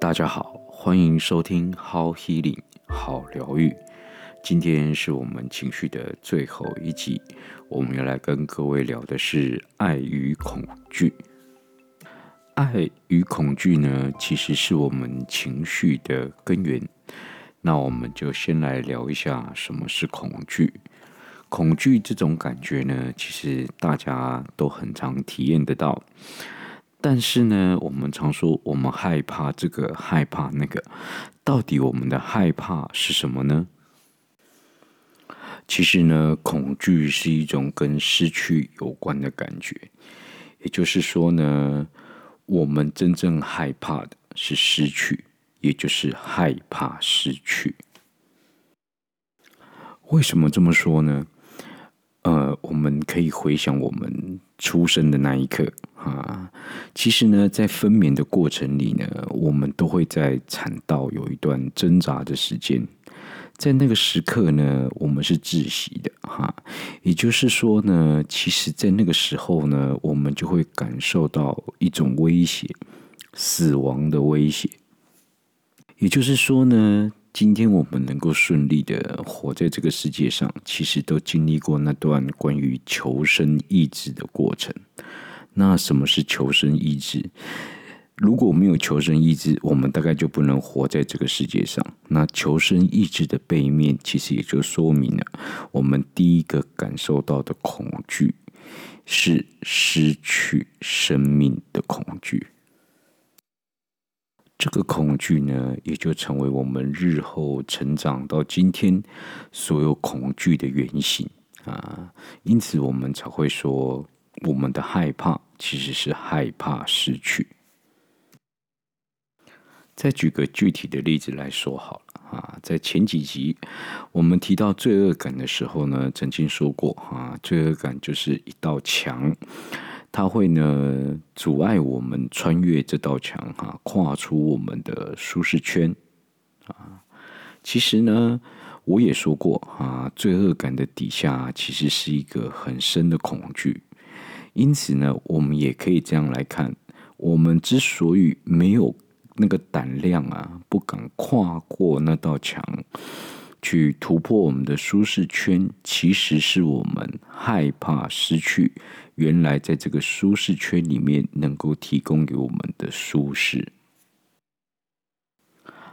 大家好，歡迎收聽《How Healing 好療癒》。今天是我們情緒的最後一集，我們要來跟各位聊的是愛與恐懼。愛與恐懼呢，其實是我們情緒的根源。那我們就先來聊一下什麼是恐懼。恐懼這種感覺呢，其實大家都很常體驗得到。但是呢，我們常說我們害怕這個，害怕那個。到底我們的害怕是什麼呢？其實呢，恐懼是一種跟失去有關的感覺。也就是說呢，我們真正害怕的是失去，也就是害怕失去。為什麼這麼說呢？呃，我們可以回想我們出生的那一刻哈。其實呢，在分娩的過程裡呢，我們都會在產道有一段掙扎的時間。在那個時刻呢，我們是窒息的哈、啊。也就是說呢，其實，在那個時候呢，我們就會感受到一種威脅——死亡的威脅。也就是說呢。今天我們能夠順利的活在這個世界上，其實都經歷過那段關於求生意志的過程。那什麼是求生意志？如果沒有求生意志，我們大概就不能活在這個世界上。那求生意志的背面，其實也就說明了我們第一個感受到的恐懼，是失去生命的恐懼。這個恐懼呢，也就成為我們日後成長到今天所有恐懼的原型啊。因此，我們才會說，我們的害怕其實是害怕失去。再舉個具體的例子來說好了啊，在前幾集我們提到罪惡感的時候呢，曾經說過啊，罪惡感就是一道牆。他會呢阻礙我們穿越這道牆，啊，跨出我們的舒適圈啊。其實呢，我也說過啊，罪惡感的底下其實是一個很深的恐懼。因此呢，我們也可以這樣來看：我們之所以沒有那個膽量啊，不敢跨過那道牆。去突破我們的舒適圈，其實是我們害怕失去原來在這個舒適圈裡面能夠提供給我們的舒適。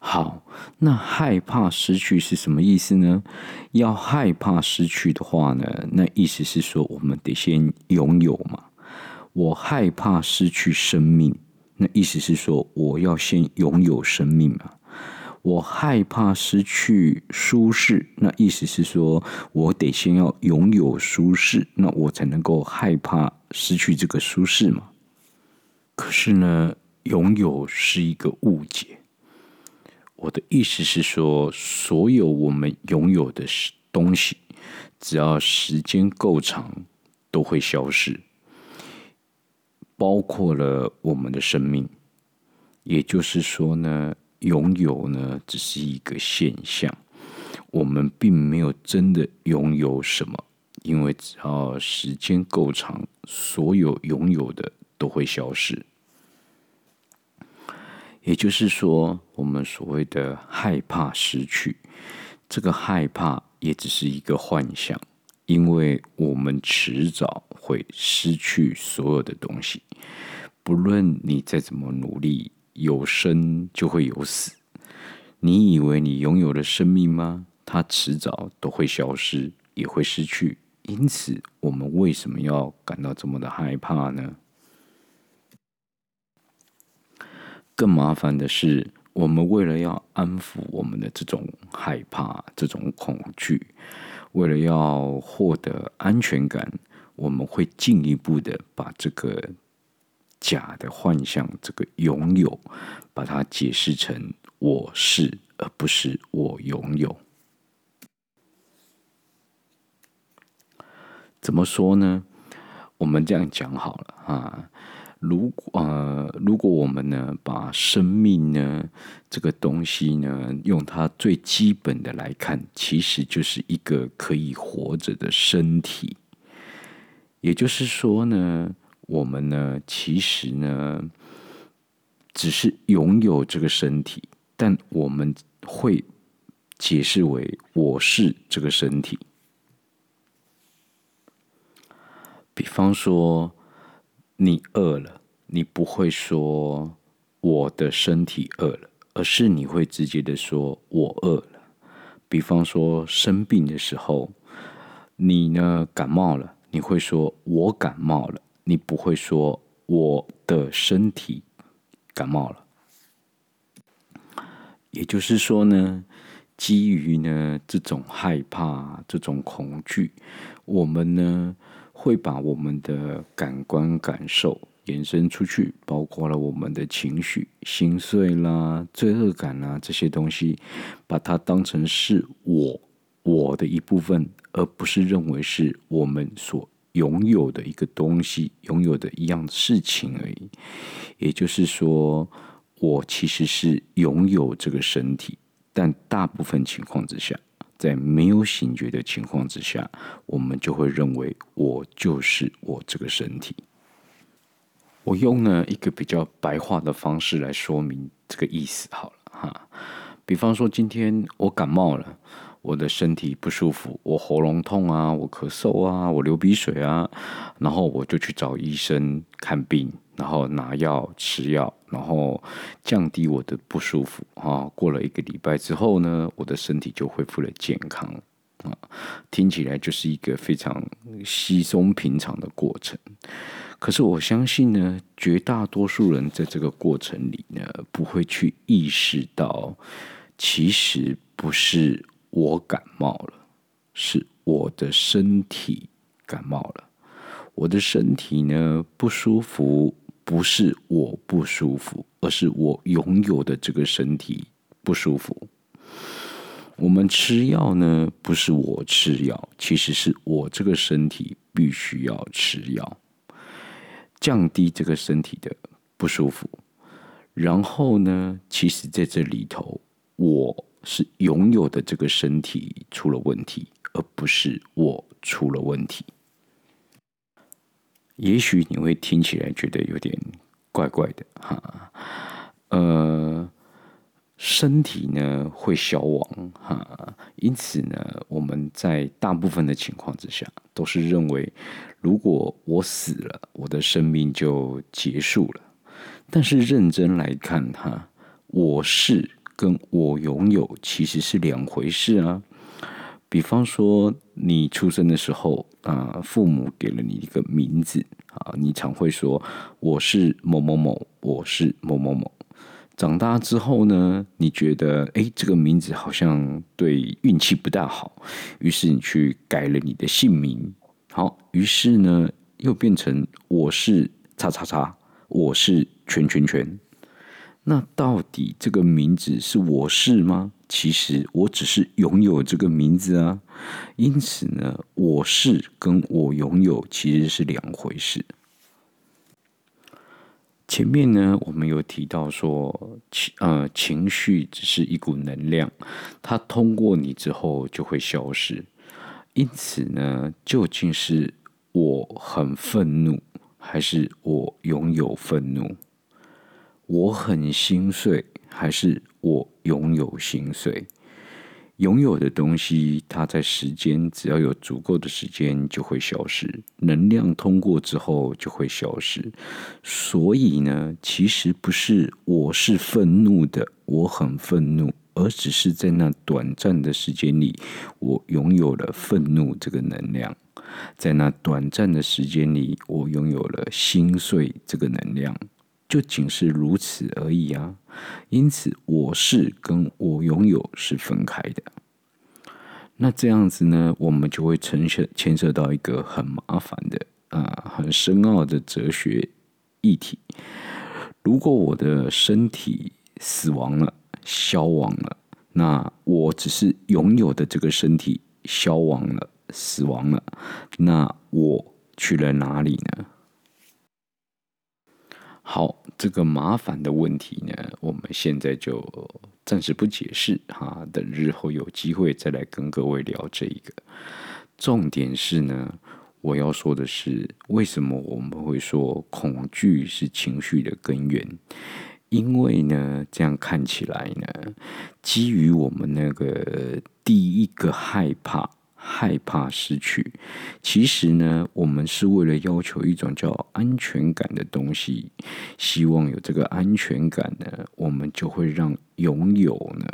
好，那害怕失去是什麼意思呢？要害怕失去的話呢，那意思是說我們得先擁有嘛。我害怕失去生命，那意思是說我要先擁有生命嘛。我害怕失去舒適，那意思是說我得先要擁有舒適，那我才能夠害怕失去這個舒適嘛。可是呢，擁有是一個誤解。我的意思是說，所有我們擁有的東西，只要時間夠長，都會消失，包括了我們的生命。也就是說呢，擁有呢，只是一個現象，我們並沒有真的擁有什麼，因為只要時間夠長，所有擁有的都會消失。也就是說，我們所謂的害怕失去，這個害怕也只是一個幻想，因為我們遲早會失去所有的東西，不論你再怎麼努力。有生就會有死，你以為你擁有了生命嗎？它遲早都會消失，也會失去。因此，我們為什麼要感到這麼的害怕呢？更麻煩的是，我們為了要安撫我們的這種害怕、這種恐懼，為了要獲得安全感，我們會進一步的把這個假的幻象，這個擁有，把它解釋成我是，而不是我擁有。怎麼說呢？我們這樣講好了啊。如果，呃，如果我們呢，把生命呢這個東西呢，用它最基本的來看，其實就是一個可以活着的身體。也就是說呢。我們呢，其實呢，只是擁有這個身體，但我們會解釋為“我是這個身體”。比方說，你餓了，你不會說“我的身體餓了”，而是你會直接的說“我餓了”。比方說，生病的時候，你呢感冒了，你會說“我感冒了”。你不會說我的身體感冒了，也就是說呢，基於呢這種害怕、這種恐懼，我們呢會把我們的感官感受延伸出去，包括了我們的情緒、心碎啦、罪惡感啦這些東西，把它當成是我我的一部分，而不是認為是我們所。擁有的一個東西，擁有的一樣的事情而已。也就是說，我其實是擁有這個身體，但大部分情況之下，在沒有醒覺的情況之下，我們就會認為我就是我這個身體。我用了一個比較白話的方式來說明這個意思好了哈。比方說，今天我感冒了。我的身體不舒服，我喉嚨痛啊，我咳嗽啊，我流鼻水啊，然後我就去找醫生看病，然後拿藥吃藥，然後降低我的不舒服啊。過了一個禮拜之後呢，我的身體就恢復了健康。聽起來就是一個非常稀鬆平常的過程，可是我相信呢，絕大多數人在這個過程裡呢，不會去意識到，其實不是。我感冒了，是我的身體感冒了。我的身體呢，不舒服，不是我不舒服，而是我擁有的這個身體不舒服。我們吃藥呢，不是我吃藥，其實是我這個身體必須要吃藥，降低這個身體的不舒服。然後呢，其實在這裡頭，我。是擁有的這個身體出了問題，而不是我出了問題。也許你會聽起來覺得有點怪怪的哈，呃，身體呢會消亡哈，因此呢，我們在大部分的情況之下都是認為，如果我死了，我的生命就結束了。但是認真來看哈，我是。跟我擁有其實是兩回事啊。比方說，你出生的時候啊，父母給了你一個名字啊，你常會說我是某某某，我是某某某。長大之後呢，你覺得哎、欸、這個名字好像對運氣不大好，於是你去改了你的姓名。好，於是呢又變成我是叉叉叉，我是圈圈圈。那到底這個名字是我是嗎？其實我只是擁有這個名字啊。因此呢，我是跟我擁有其實是兩回事。前面呢，我們有提到說，情呃情緒只是一股能量，它通過你之後就會消失。因此呢，究竟是我很憤怒，還是我擁有憤怒？我很心碎，還是我擁有心碎？擁有的東西，它在時間只要有足夠的時間就會消失，能量通過之後就會消失。所以呢，其實不是我是憤怒的，我很憤怒，而只是在那短暫的時間裡，我擁有了憤怒這個能量。在那短暫的時間裡，我擁有了心碎這個能量。就僅是如此而已啊！因此，我是跟我擁有是分開的。那這樣子呢，我們就會呈現牽涉到一個很麻煩的啊、呃，很深奧的哲學議題。如果我的身體死亡了、消亡了，那我只是擁有的這個身體消亡了、死亡了，那我去了哪裡呢？好，這個麻煩的問題呢，我們現在就暫時不解釋哈，等日後有機會再來跟各位聊這一個。重點是呢，我要說的是，為什麼我們會說恐懼是情緒的根源？因為呢，這樣看起來呢，基於我們那個第一個害怕。害怕失去，其實呢，我們是為了要求一種叫安全感的東西。希望有這個安全感呢，我們就會讓擁有呢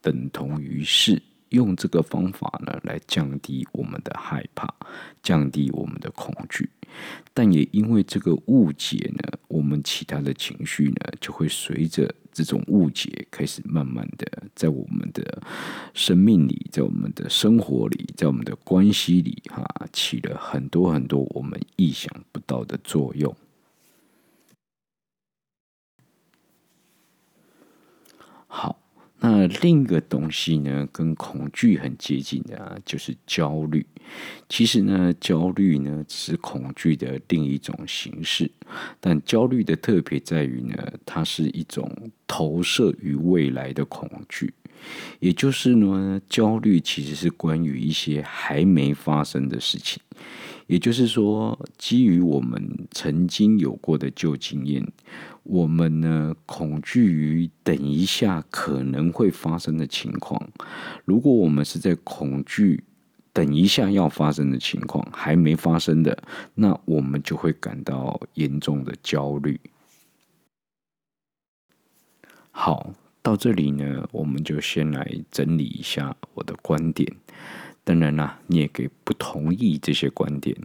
等同於是，用這個方法呢來降低我們的害怕，降低我們的恐懼。但也因為這個誤解呢，我們其他的情緒呢就會隨着。這種誤解開始慢慢的在我們的生命裡，在我們的生活裡，在我們的關係裡，哈，起了很多很多我們意想不到的作用。那另一個東西呢，跟恐懼很接近的啊，就是焦慮。其實呢，焦慮呢，是恐懼的另一種形式，但焦慮的特別在於呢，它是一種投射於未來的恐懼。也就是呢，焦慮其實是關於一些還沒發生的事情。也就是說，基於我們曾經有過的舊經驗，我們呢恐懼於等一下可能會發生的情況。如果我們是在恐懼等一下要發生的情況還沒發生的，那我們就會感到嚴重的焦慮。好。到這裡呢，我們就先來整理一下我的觀點。當然啦，你也可以不同意這些觀點。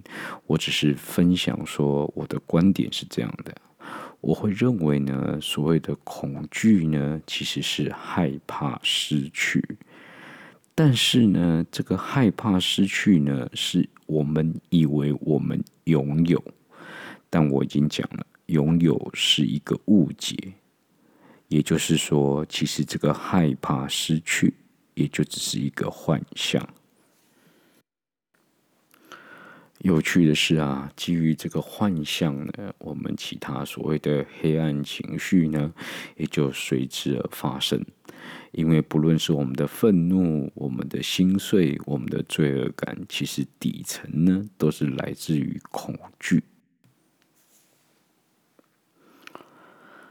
我只是分享說我的觀點是這樣的。我會認為呢，所謂的恐懼呢，其實是害怕失去。但是呢，這個害怕失去呢，是我們以為我們擁有。但我已經講了，擁有是一個誤解。也就是說，其實這個害怕失去，也就只是一個幻象。有趣的是啊，基於這個幻象呢，我們其他所謂的黑暗情緒呢，也就隨之而發生。因為不論是我們的憤怒、我們的心碎、我們的罪惡感，其實底層呢，都是來自於恐懼。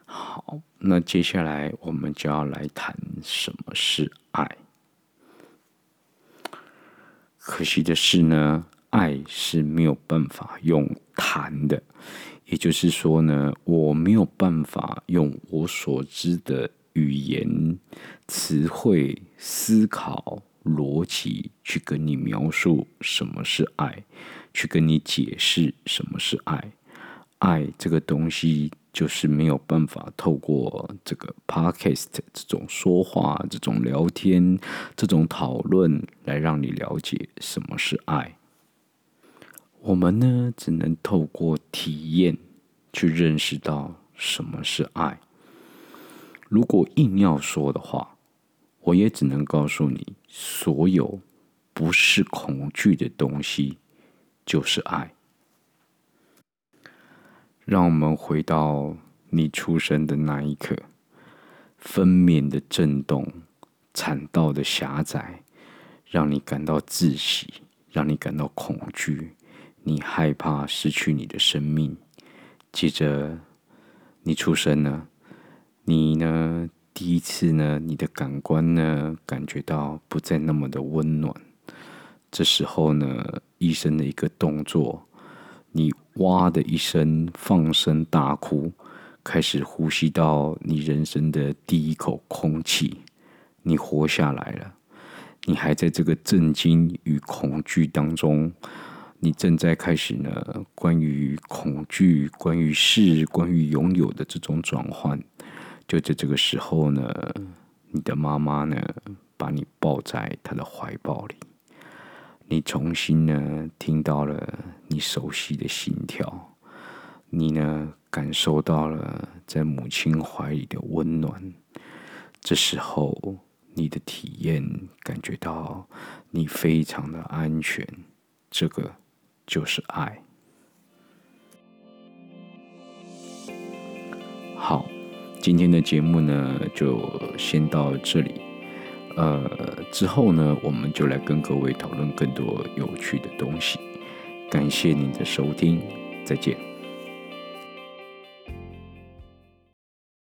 好。那接下來我們就要來談什麼是愛。可惜的是呢，愛是沒有辦法用談的，也就是說呢，我沒有辦法用我所知的語言、詞彙、思考、邏輯去跟你描述什麼是愛，去跟你解釋什麼是愛。愛這個東西。就是沒有辦法透過這個 podcast 這種說話、這種聊天、這種討論來讓你了解什麼是愛。我們呢，只能透過體驗去認識到什麼是愛。如果硬要說的話，我也只能告訴你，所有不是恐懼的東西就是愛。讓我們回到你出生的那一刻，分娩的震動，產道的狹窄，讓你感到窒息，讓你感到恐懼，你害怕失去你的生命。接着，你出生了，你呢，第一次呢，你的感官呢，感覺到不再那麼的溫暖。這時候呢，醫生的一個動作，你哇的一聲放聲大哭，開始呼吸到你人生的第一口空氣，你活下來了。你還在這個震驚與恐懼當中，你正在開始呢關於恐懼、關於是、關於擁有的這種轉換。就在這個時候呢，你的媽媽呢把你抱在她的懷抱裡。你重新呢聽到了你熟悉的心跳，你呢感受到了在母親懷裡的溫暖，這時候你的體驗感覺到你非常的安全，這個就是愛。好，今天的節目呢就先到這裡。呃，之後呢，我們就來跟各位討論更多有趣的東西。感謝您的收聽，再見。